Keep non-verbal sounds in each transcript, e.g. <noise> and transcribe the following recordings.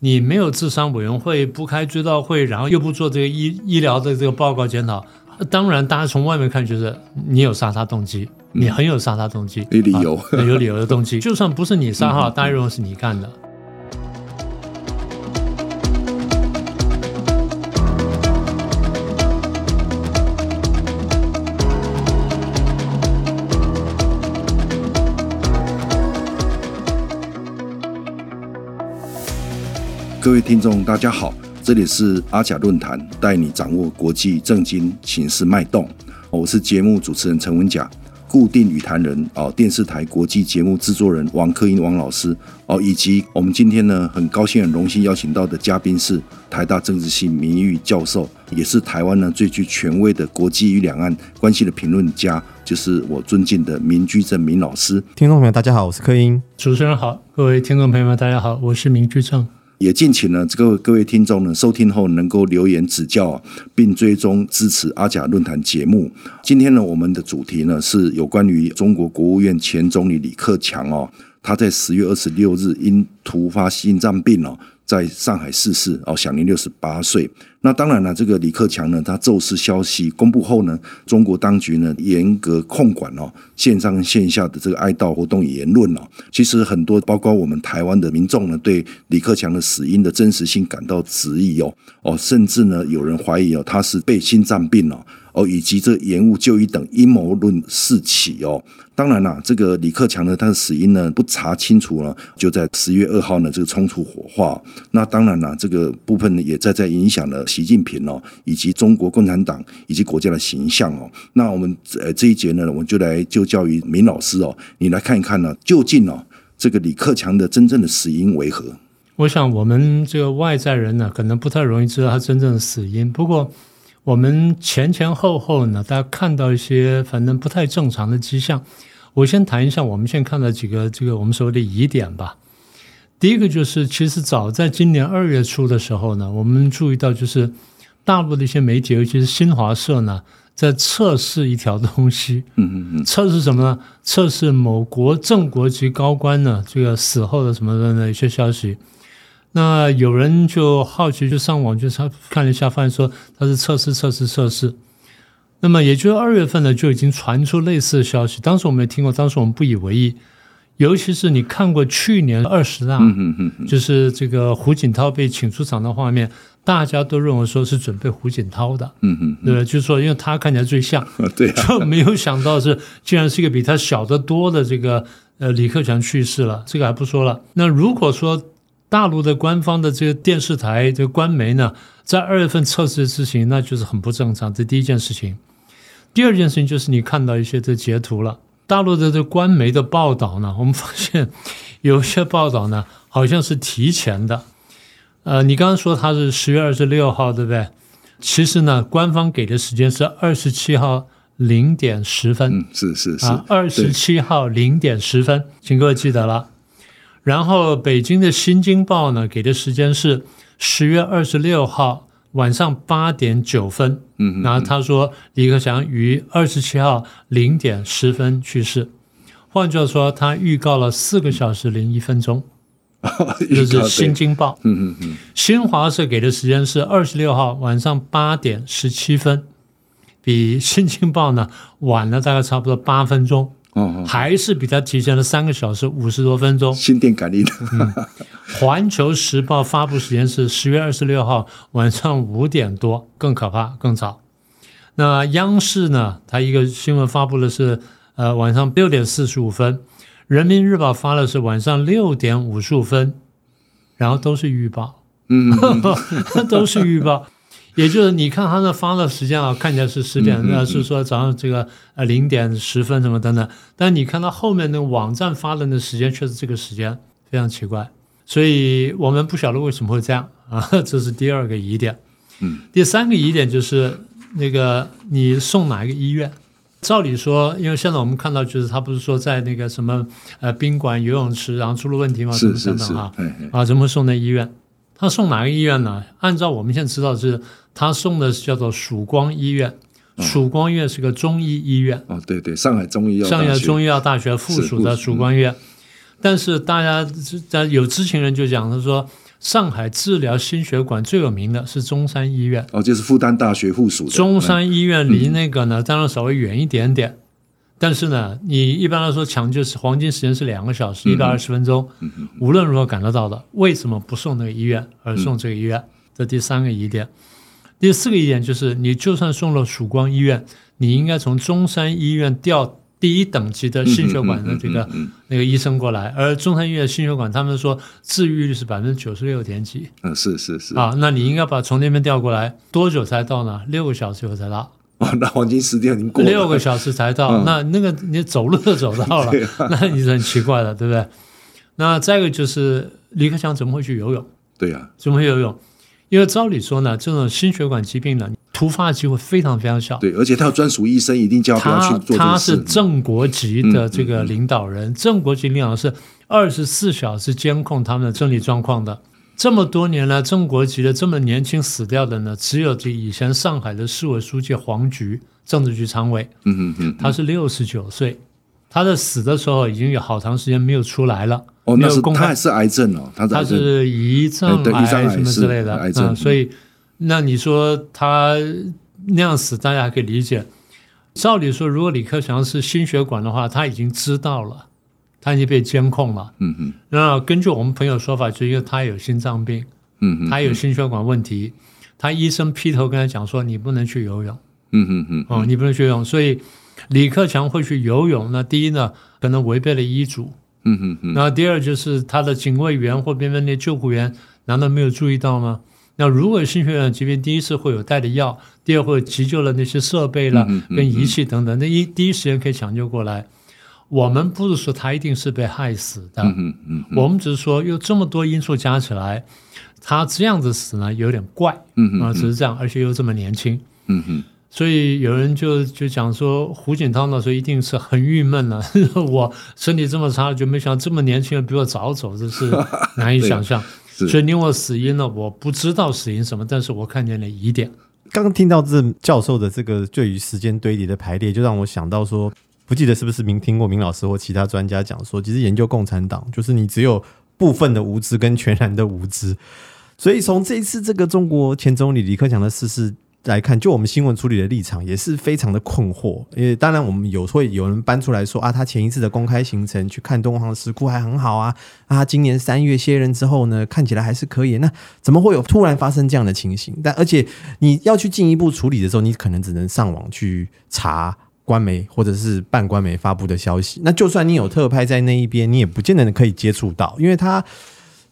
你沒有智商委員會，不開追悼會，然後又不做這個醫醫療的這個報告檢討，當然大家從外面看覺得你有殺他動機，你很有殺他動機，嗯啊、有理由、嗯，有理由的動機， <laughs> 就算不是你殺，大家認為是你幹的。嗯嗯各位聽眾，大家好，這裡是阿甲論壇，帶你掌握國際政經情勢脈動。哦、我是節目主持人陳文甲，固定與談人哦，電視台國際節目制作人王克殷王老師哦，以及我們今天呢，很高興、很榮幸邀請到的嘉賓是台大政治系名譽教授，也是台灣呢最具權威的國際與兩岸關係的評論家，就是我尊敬的明居正明老師。聽眾朋友，大家好，我是克殷。主持人好，各位聽眾朋友們，大家好，我是明居正。也敬請呢，這個各位聽眾呢，收聽後能夠留言指教啊，並追蹤支持阿甲論壇節目。今天呢，我們的主題呢是有關於中國國務院前總理李克強哦啊，他在十月二十六日因突發心臟病哦啊。在上海逝世，享年六十八歲。那當然了，這個李克強呢，他驟逝消息公布後呢，中國當局呢嚴格控管哦，線上線下的這個哀悼活動言論哦，其實很多，包括我們台灣的民眾呢，對李克強的死因的真實性感到質疑哦哦，甚至呢，有人懷疑哦，他是被心臟病了、哦。哦，以及這個延誤就醫等陰謀論四起哦。當然啦、啊，這個李克強呢，他的死因呢不查清楚了，就在十月二號呢，這個衝突火化。那當然啦、啊，這個部分呢，也在在影響了習近平哦，以及中國共產黨以及國家的形象哦。那我們呃這一節呢，我們就來就教於明老師哦，你來看一看呢、啊，究竟哦這個李克強的真正的死因為何？我想我們這個外在人呢、啊，可能不太容易知道他真正的死因，不過，我們前前後後呢，大家看到一些反正不太正常的跡象。我先談一下，我們現在看到幾個這個我們所謂的疑點吧。第一個就是，其實早在今年二月初的時候呢，我們注意到就是大陸的一些媒體，尤其是新華社呢，在測試一條東西。嗯嗯嗯。測試什麼呢？測試某國正國級高官呢這個死後的什麼的那一些消息。那有人就好奇，就上網就查看了一下，發現說他是測試測試測試。那麼，也就二月份呢，就已經傳出類似的消息。當時我們也聽過，當時我們不以為意。尤其是你看過去年二十大，就是這個胡錦濤被請出場的畫面，大家都認為說是準備胡錦濤的，嗯嗯，對，就是說因為他看起來最像，對，就沒有想到是竟然是一個比他小得多的這個呃李克強去世了，這個還不說了。那如果說。大陸的官方的這個電視台、這個官媒呢，在二月份測試的事情，那就是很不正常。這第一件事情，第二件事情就是你看到一些這截圖了，大陸的這官媒的報道呢，我們發現有些報道呢，好像是提前的。呃，你剛剛說他是十月二十六號，對不對？其實呢，官方給的時間是二十七號零點十分。嗯，是是是。啊，二十七號零點十分，對請各位記得了。然後北京的新京報呢，給的時間是十月二十六號晚上八點九分，嗯，然後他說李克強於二十七號零點十分去世，換句話說，他預告了四個小時零一分鐘，就是新京報，嗯、嗯、嗯，新華社給的時間是二十六號晚上八點十七分，比新京報呢晚了大概差不多八分鐘。還是比他提前了三個小時五十多分鐘。新電感應的，環球時報發布時間是十月二十六號晚上五點多，更可怕，更早。那央視呢？它一個新聞發布的是呃晚上六點四十五分，人民日報發的是晚上六點五十五分，然後都是預報，嗯，都是預報。也就是你看他的發的時間啊，看起來是十點，嗯、哼哼是說早上這個呃零點十分什麼等等，但你看到後面那個網站發的那時間確實這個時間非常奇怪，所以我們不曉得為什麼會這樣啊，這是第二個疑點。嗯、第三個疑點就是那個你送哪一個醫院？照理說，因為現在我們看到就是他不是說在那個什麼呃賓館游泳池然後出了問題嗎？是是是什麼啊，嘿嘿啊怎麼會送到醫院？他送哪個醫院呢？按照我們現在知道是，他送的是叫做曙光醫院。哦、曙光醫院是個中醫醫院。哦，對對，上海中醫藥大學。藥。上海中醫藥大學附屬的曙光醫院。是嗯、但是大家在有知情人就講，他說上海治療心血管最有名的是中山醫院。哦，就是復旦大學附屬的。中山醫院離那個呢，嗯、當然稍微遠一點點。但是呢，你一般來說搶救是黃金時間是兩個小時一百二十分鐘，嗯嗯嗯、無論如何趕得到，到的，為什麼不送那個醫院而送這個醫院？嗯、這第三個疑點，第四個疑點就是你就算送了曙光醫院，你應該從中山醫院調第一等級的心血管，嗯嗯嗯嗯、的這個那個醫生過來，而中山醫院心血管他們說治癒率是百分之九十六點幾，嗯，是是是啊，那你應該把從那邊調過來多久才到呢？六個小時以後才到。哦、那黃金時間已經過了六個小時才到，嗯、那那個你走路都走到了，嗯對啊、那你是很奇怪的，對不對？那再一個就是李克強怎麼會去游泳？對呀、啊，怎麼會游泳？因為照理說呢，這種心血管疾病呢，突發的機會非常非常小。對，而且他要專屬醫生，一定叫他不要去做他，他是正國級的這個領導人，嗯嗯嗯、正國級領導人是二十四小時監控他們的生理狀況的。這麼多年來，正國級的這麼年輕死掉的呢，只有這以前上海的市委書記黃菊，政治局常委，嗯嗯嗯，他是六十九歲，他在死的時候已經有好長時間沒有出來了，哦那是公他也是癌症哦，他是胰臟癌什麼之類的癌症，所以那你說他那樣死，大家還可以理解。照理說，如果李克強是心血管的話，他已經知道了。他已經被監控了。嗯哼，那根據我們朋友說法，就是因為他有心臟病，嗯哼，他有心血管問題。他醫生劈頭跟他講說：“你不能去游泳。”嗯哼嗯哦，你不能去游泳。所以李克強會去游泳，那第一呢，可能違背了醫囑。嗯哼，然後那第二就是他的警衛員或邊邊的救護員，難道沒有注意到嗎？那如果有心血管疾病，即便第一次會有帶的藥，第二會有急救的那些設備啦、跟儀器等等，嗯、哼那一第一時間可以搶救過來。我們不是說他一定是被害死的，嗯嗯、我們只是說有這麼多因素加起來，他這樣子死呢有點怪啊、嗯哼呃，只是這樣，而且又這麼年輕，嗯、哼所以有人就就講說胡錦濤那時候一定是很鬱悶了、啊，我身體這麼差，就沒想到這麼年輕的比我早走，這是難以想象。 <laughs> 是所以你問死因了，我不知道死因什麼，但是我看見了疑點。剛剛聽到這教授的這個對於時間堆疊的排列，就讓我想到說。不記得是不是明聽過明老師或其他專家講說，其實研究共產黨就是你只有部分的無知跟全然的無知。所以從這一次這個中國前總理李克強的事實來看，就我們新聞處理的立場也是非常的困惑。因為當然我們有會有人搬出來說啊，他前一次的公開行程去看敦煌石窟還很好啊，啊，他今年三月卸任之後呢，看起來還是可以。那怎麼會有突然發生這樣的情形？但而且你要去進一步處理的時候，你可能只能上網去查，官媒或者是半官媒發布的消息，那就算你有特派在那一邊，你也不見得可以接觸到，因為它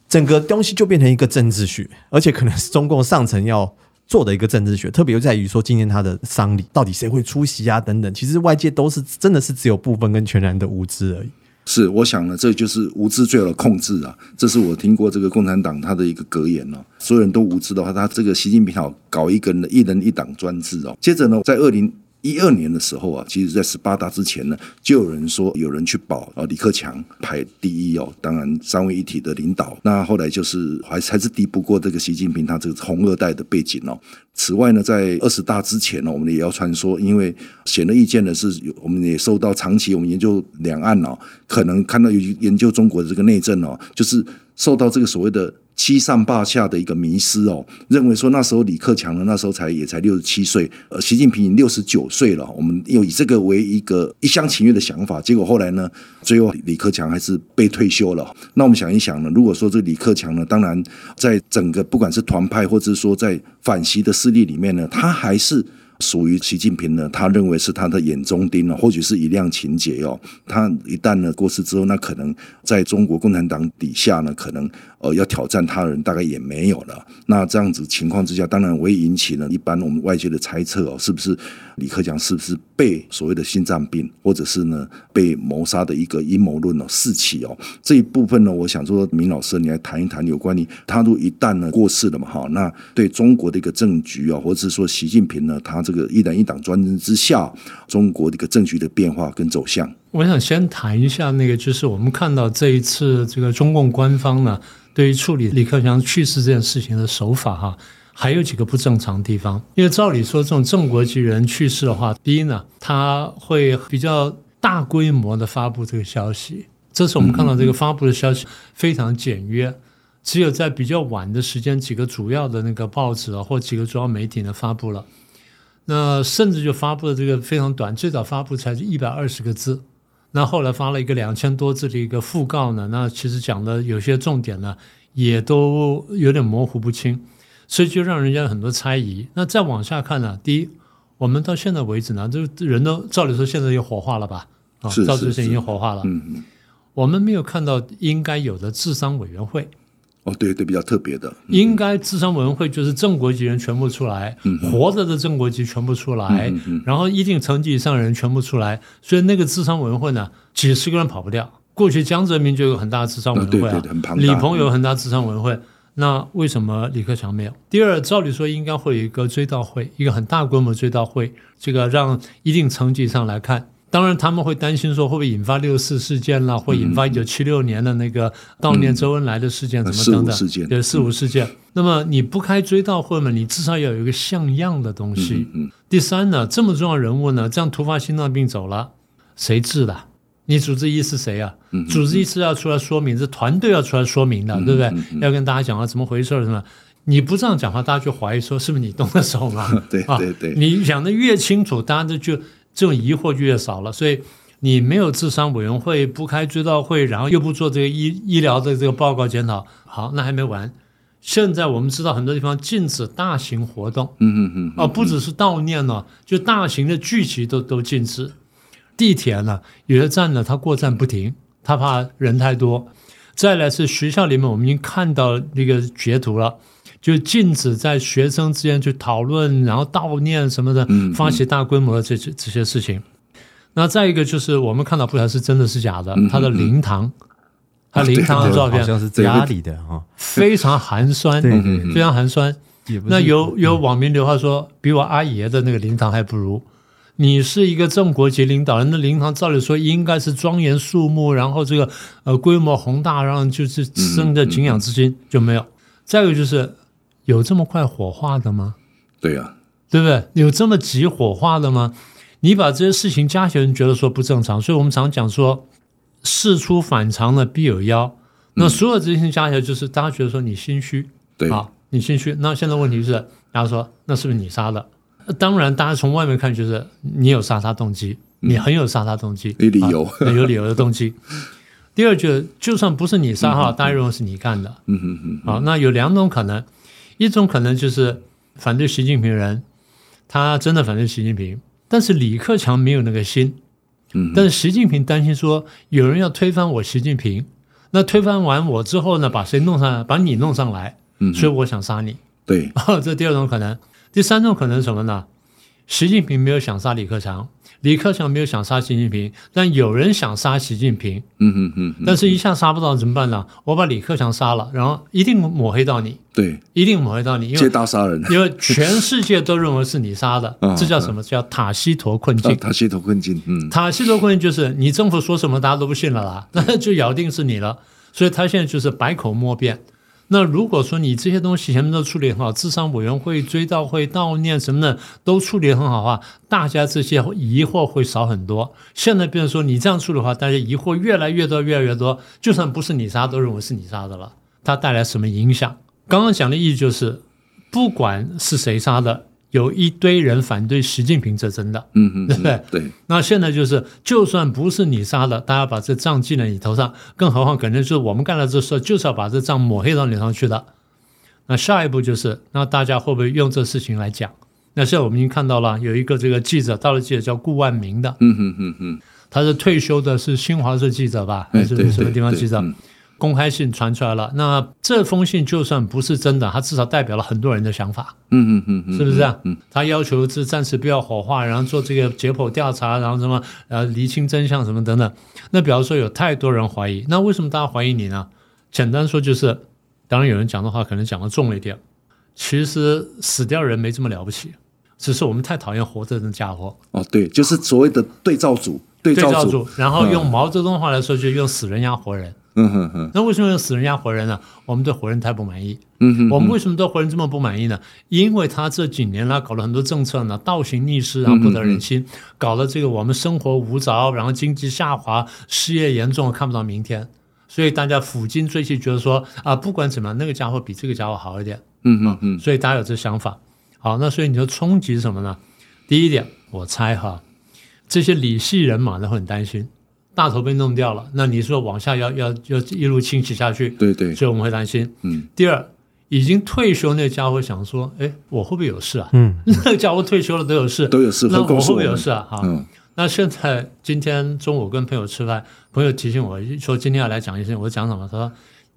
整個東西就變成一個政治學，而且可能是中共上層要做的一個政治學，特別在於說今天他的喪禮到底誰會出席啊等等，其實外界都是真的是只有部分跟全然的無知而已。是，我想呢，這就是無知最好的控制啊，這是我聽過這個共產黨他的一個格言了、哦。所有人都無知的話，他這個習近平好搞一個人的一人一黨專制哦。接着呢，在二零。一二年的時候啊，其實，在十八大之前呢，就有人說有人去保啊，李克強排第一哦。當然，三位一體的領導，那後來就是還是還是敵不過這個習近平他這個紅二代的背景哦。此外呢，在二十大之前呢、哦，我們也要傳說，因為顯而易見的是有我們也受到長期我們研究兩岸哦，可能看到有研究中國的這個內政哦，就是受到這個所謂的。七上八下的一個迷思哦，認為說那時候李克強呢，那時候才也才六十七歲，呃，習近平已經六十九歲了，我們又以這個為一個一廂情願的想法，結果後來呢，最後李克強還是被退休了。那我們想一想呢，如果說這個李克強呢，當然在整個不管是團派或者是說在反習的勢力裡面呢，他還是。屬於習近平呢，他認為是他的眼中釘了，或許是一輛情節哦。他一旦呢過世之後，那可能在中國共產黨底下呢，可能呃要挑戰他的人，大概也沒有了。那這樣子情況之下，當然我也引起呢一般我們外界的猜測哦，是不是李克強是不是被所謂的心臟病，或者是呢被謀殺的一個陰謀論呢、哦？四起哦，這一部分呢，我想說，明老師，你來談一談有關於他如果一旦呢過世了嘛，好，那對中國的一個政局啊、哦，或者是說習近平呢他。這個一黨一黨專政之下，中國這個政局的變化跟走向，我想先談一下那個，就是我們看到這一次這個中共官方呢，對於處理李克強去世這件事情的手法哈，還有幾個不正常的地方。因為照理說，這種正國級人去世的話，第一呢，他會比較大規模的發布這個消息。這次我們看到這個發布的消息非常簡約，嗯嗯，只有在比較晚的時間，幾個主要的那個報紙啊、哦，或幾個主要媒體呢發布了。那甚至就發布了這個非常短，最早發布才是一百二十個字，那後來發了一個兩千多字的一個訃告呢，那其實講的有些重點呢也都有點模糊不清，所以就讓人家很多猜疑。那再往下看呢，第一，我們到現在為止呢，就人都照理說，現在又火化了吧？啊，趙志新已經火化了。我們沒有看到應該有的治喪委員會。哦，對對，比較特別的，嗯、應該治喪委員會就是正國級人全部出來，嗯、哼活着的正國級全部出來，嗯、哼然後一定層級以上的人全部出來，所以那個治喪委員會呢，幾十個人跑不掉。過去江澤民就有很大的治喪委員會，啊，哦、對對對很龐大，李鵬有很大治喪委員會，嗯、那為什麼李克強沒有？第二，照理說應該會有一個追悼會，一個很大規模追悼會，這個讓一定層級上來看。當然，他們會擔心說，會不會引發六四事件啦，會引發一九七六年的那個悼念周恩來的事件，怎麼等等？對四五事件。那麼你不開追悼會嘛？你至少要有一個像樣的東西。第三呢，這麼重要人物呢，這樣突發心臟病走了，誰治的？你主治醫師是誰啊？主治醫師是要出來說明，是團隊要出來說明的，對不對？要跟大家講啊，怎麼回事？什麼？你不這樣講話，大家就懷疑說是不是你動的手嘛？對對對。你講得越清楚，大家就，就。這種疑惑就越少了，所以你沒有治喪委員會，不開追悼會，然後又不做這個醫醫療的這個報告檢討，好，那還沒完。現在我們知道很多地方禁止大型活動，嗯嗯嗯，啊，不只是悼念了，就大型的聚集都都禁止。地鐵呢，有些站呢，它過站不停，它怕人太多。再來是學校裡面，我們已經看到那個截圖了。就禁止在學生之間去討論，然後悼念什麼的，發起大規模的這些這些事情。那再一個就是，我們看到不曉得是真的是假的，他的靈堂，他靈堂的照片，像是家裡的啊，非常寒酸，非常寒酸。那有有網民留話說，比我阿爺的那個靈堂還不如。你是一個正國級領導人的靈堂，照理說應該是莊嚴肅穆，然後這個呃規模宏大，然後就是生的景仰之心就沒有。再一個就是。有這麼快火化的嗎？對呀、啊，對不對？有這麼急火化的嗎？你把這些事情加起來，你覺得說不正常。所以我們常，常講說，事出反常了必有妖。那所有這些加起來，就是大家覺得說你心虛，對啊，你心虛。那現在問題是，大家說那是不是你殺的？當然，大家從外面看覺、就、得、是、你有殺他動機，嗯、你很有殺他動機，有理由、啊，有理由的動機。 <laughs> 第二、就是，就就算不是你殺，哈， <laughs> 大家認為是你幹的。嗯嗯嗯。好，那有兩種可能。一種可能就是反對習近平人，他真的反對習近平，但是李克強沒有那個心，嗯哼，但是習近平擔心說有人要推翻我習近平，那推翻完我之後呢，把誰弄上來，把你弄上來，嗯哼，所以我想殺你，對，哦，這第二種可能，第三種可能是什麼呢？習近平沒有想殺李克強。李克強沒有想殺習近平，但有人想殺習近平。嗯嗯嗯。但是一下殺不到怎麼辦呢？我把李克強殺了，然後一定抹黑到你。對，一定抹黑到你。因為。借刀殺人。 <laughs> 因為全世界都認為是你殺的，啊、這叫什麼、啊、這叫塔西佗困境？塔西佗困境。嗯，塔西佗困境就是你政府說什麼大家都不信了啦，那對 <laughs> 就咬定是你了。所以他現在就是百口莫辯。那如果說你這些東西前面都處理很好，治喪委員會、追悼會、悼念什麼的都處理很好的話，大家這些疑惑會少很多。現在變成說你這樣處理的話，大家疑惑越來越多，越來越多，就算不是你殺，都認為是你殺的了。它帶來什麼影響？剛剛講的意義就是，不管是誰殺的。有一堆人反對習近平，這真的，嗯嗯，對不對？對。那現在就是，就算不是你殺的，大家把這賬記在你頭上。更何況，可能就是我們幹了這事，就是要把這賬抹黑到你上去的。那下一步就是，那大家會不會用這事情來講？那現在我們已經看到了，有一個這個記者，大陸記者叫顧萬明的，嗯嗯嗯嗯，他是退休的，是新華社記者吧？還、哎、是，是什麼地方記者？哎公開信傳出來了，那這封信就算不是真的，它至少代表了很多人的想法。嗯嗯嗯，嗯嗯是不是啊？嗯，他要求是暫時不要火化，然後做這個解剖調查，然後什麼呃，釐清真相什麼等等。那比方說有太多人懷疑，那為什麼大家懷疑你呢？簡單說就是，當然有人講的話可能講的重了一點。其實死掉人沒這麼了不起，只是我們太討厭活着的傢伙。啊，對，就是所謂的對照組，對照組。然後用毛澤東的話來說，就是用死人壓活人。嗯哼哼， <noise> 那為什麼要死人壓活人呢？我們對活人太不滿意。嗯哼嗯，我們為什麼對活人這麼不滿意呢？因為他這幾年呢搞了很多政策呢，倒行逆施，然後不得人心，嗯嗯搞了這個我們生活無着，然後經濟下滑，失業嚴重，看不到明天。所以大家撫今追昔覺得說啊，不管怎麼樣，那個家伙比這個家伙好一點。嗯哼嗯，啊、所以大家有這想法。好，那所以你就衝擊什麼呢？第一點，我猜哈，這些李系人馬都很擔心。大頭被弄掉了，那你說往下要要要一路清洗下去，對對，所以我們會擔心。嗯，第二，已經退休那家伙想說，哎，我會不會有事啊？嗯，那家伙退休了都有事，都有事。那我會不會有事啊？哈，那現在今天中午跟朋友吃飯，朋友提醒我說，今天要來講一聲，我講什麼？他說，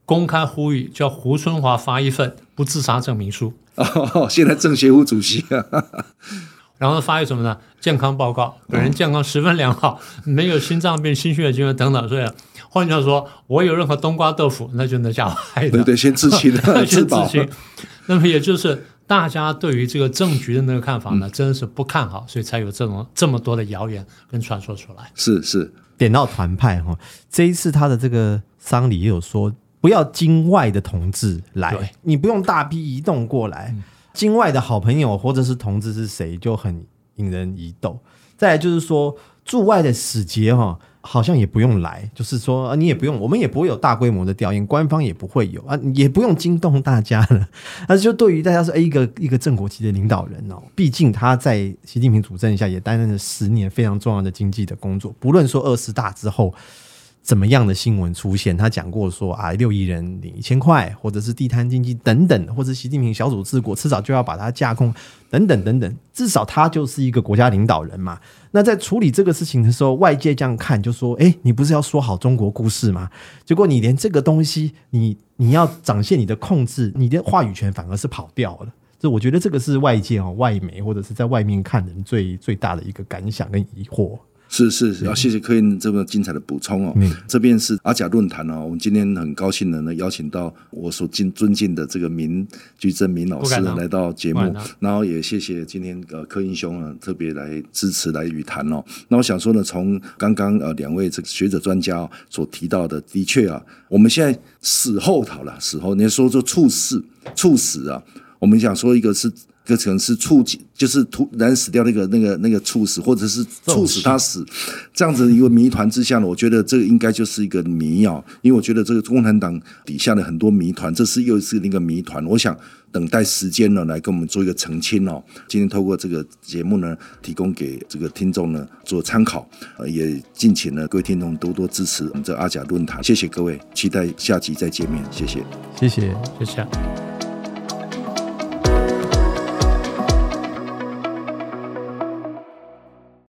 公開呼籲叫胡春華發一份不自殺證明書。哦，現在政協副主席啊。 <laughs> 然後發育什麼呢？健康報告，本人健康十分良好，嗯、沒有心臟病、 <laughs> 心血管疾病等等。所以換句話說，我有任何冬瓜豆腐，那就能加害。對對，先, <laughs> 先極自欺保的，先自欺。那麼也就是大家對於這個政局的那個看法呢，嗯、真的是不看好，所以才有這種這麼多的謠言跟傳說出來。是是，是點到團派哈。這一次他的這個喪禮也有說，不要京外的同志來，對你不用大批移動過來。嗯京外的好朋友或者是同志是誰，就很引人疑竇。再來就是說，駐外的使節哈、哦，好像也不用來，就是說你也不用，我們也不會有大規模的調研，官方也不會有啊，也不用驚動大家了。那就對於大家說，哎、欸，一個一個正國級的領導人哦，畢竟他在習近平主政下也擔任了十年非常重要的經濟的工作，不論說二十大之後。怎麼樣的新聞出現？他講過說啊，六億人領一千塊，或者是地攤經濟等等，或者習近平小組治國，遲早就要把它架空，等等等等。至少他就是一個國家領導人嘛。那在處理這個事情的時候，外界這樣看，就說：哎、欸，你不是要說好中國故事嗎？結果你連這個東西，你你要展現你的控制，你的話語權反而是跑掉了。這我覺得這個是外界哦，外媒或者是在外面看人最最大的一個感想跟疑惑。是是，要、啊、謝謝克殷這麼精彩的補充哦。嗯、這邊是阿甲論壇哦，我們今天很高興的呢邀請到我所敬尊敬的這個明居正明老師到來到節目，然後也謝謝今天呃克殷兄啊特別來支持來與談哦。那我想說呢，從剛剛呃兩位這個學者專家、哦、所提到的，的確啊，我們現在死後好了，死後你說說猝死猝死啊，我們想說一個是。個城市觸及，就是突然死掉那個那個那個猝死，或者是猝死他死，這樣子一個謎團之下呢，我覺得這個應該就是一個謎啊。因為我覺得這個共產黨底下的很多謎團，這是又是那個謎團。我想等待時間呢來跟我們做一個澄清哦。今天透過這個節目呢，提供給這個聽眾呢做參考，也敬請呢各位聽眾多多支持我們這阿甲論壇。謝謝各位，期待下集再見面。謝謝，謝謝，謝謝。